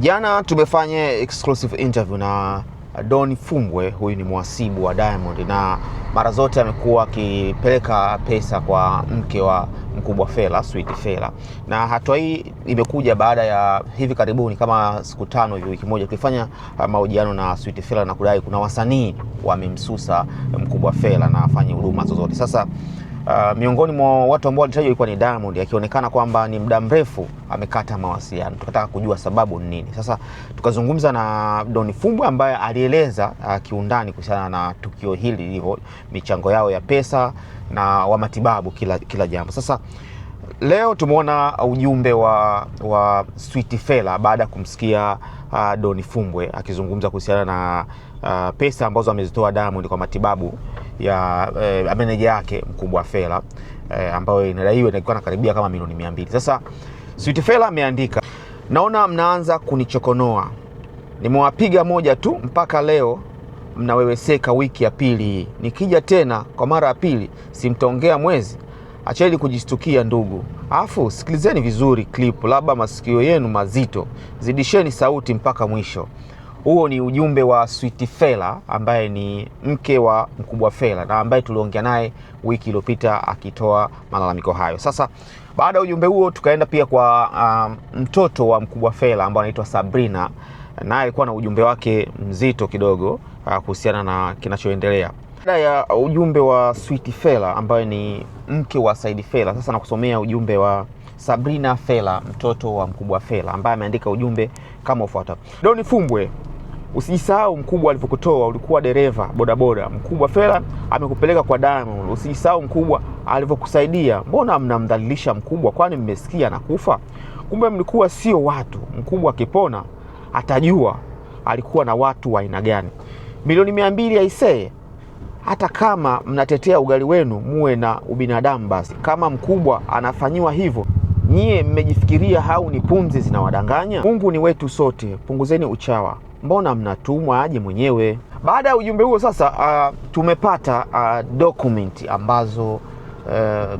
Jana tumefanya exclusive interview na Don Fumbwe, huyu ni mhasibu wa Diamond na mara zote amekuwa akipeleka pesa kwa mke wa mkubwa Fela, Sweet Fela, na hatua hii imekuja baada ya hivi karibuni kama siku tano hivi, wiki moja, tulifanya uh, mahojiano na Sweet Fela na kudai kuna wasanii wamemsusa mkubwa Fela na afanye huduma zozote. Sasa Uh, miongoni mwa watu ambao walitajwa ilikuwa ni Diamond akionekana kwamba ni muda mrefu amekata mawasiliano. Tukataka kujua sababu ni nini. Sasa tukazungumza na Don Fumbwe ambaye alieleza uh, kiundani kuhusiana na tukio hili lilivyo, michango yao ya pesa na wa matibabu, kila, kila jambo. Sasa leo tumeona ujumbe wa, wa Sweet Fela baada ya kumsikia uh, Don Fumbwe akizungumza kuhusiana na uh, pesa ambazo amezitoa Diamond kwa matibabu ya eh, meneja yake mkubwa Fela eh, ambayo inadaiwa na karibia kama milioni mia mbili. Sasa Sweet Fela ameandika, naona mnaanza kunichokonoa, nimewapiga moja tu mpaka leo mnaweweseka. Wiki ya pili hii nikija tena kwa mara ya pili, simtaongea mwezi. Acheni kujistukia ndugu, afu sikilizeni vizuri klipu, labda masikio yenu mazito, zidisheni sauti mpaka mwisho. Huo ni ujumbe wa Sweet Fela ambaye ni mke wa Mkubwa fela na ambaye tuliongea naye wiki iliyopita akitoa malalamiko hayo. Sasa baada ya ujumbe huo tukaenda pia kwa uh, mtoto wa Mkubwa fela ambaye anaitwa Sabrina, naye alikuwa na ujumbe wake mzito kidogo uh, kuhusiana na kinachoendelea. Baada ya ujumbe wa Sweet Fela ambaye ni mke wa Said Fela, sasa nakusomea ujumbe wa Sabrina fela mtoto wa Mkubwa Fela, ambaye ameandika ujumbe kama ufuatao: Doni Fumbwe Usijisahau mkubwa alivyokutoa, ulikuwa dereva bodaboda. Mkubwa Fela amekupeleka kwa Diamond. Usijisahau mkubwa alivyokusaidia. Mbona mnamdhalilisha mkubwa? Kwani mmesikia kufa Kumbe mlikuwa sio watu. Mkubwa akipona atajua alikuwa na watu wa aina gani. Milioni mia mbili aisee, hata kama mnatetea ugali wenu, muwe na ubinadamu basi. Kama mkubwa anafanyiwa hivyo nyie mmejifikiria hau ni pumzi zinawadanganya? Mungu ni wetu sote, punguzeni uchawa. Mbona mnatumwa aje mwenyewe? Baada ya ujumbe huo sasa, uh, tumepata uh, document ambazo uh, eh, uh,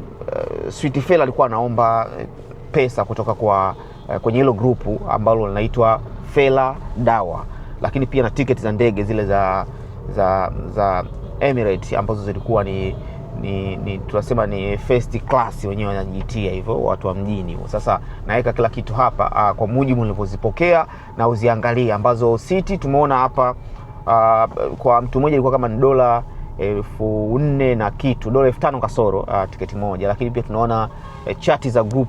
eh, Sweetfell alikuwa anaomba eh, pesa kutoka kwa uh, kwenye hilo grupu ambalo linaitwa fela Dawa, lakini pia na tiketi za ndege zile za za za Emirates ambazo zilikuwa ni ni, ni tunasema ni first class, wenyewe wanajitia hivyo watu wa mjini. Sasa naweka kila kitu hapa a, ah, kwa mujibu nilivyozipokea na uziangalie, ambazo siti tumeona hapa a, ah, kwa mtu mmoja ilikuwa kama ni dola elfu nne na kitu, dola elfu tano kasoro ah, tiketi moja, lakini pia tunaona e, chati za group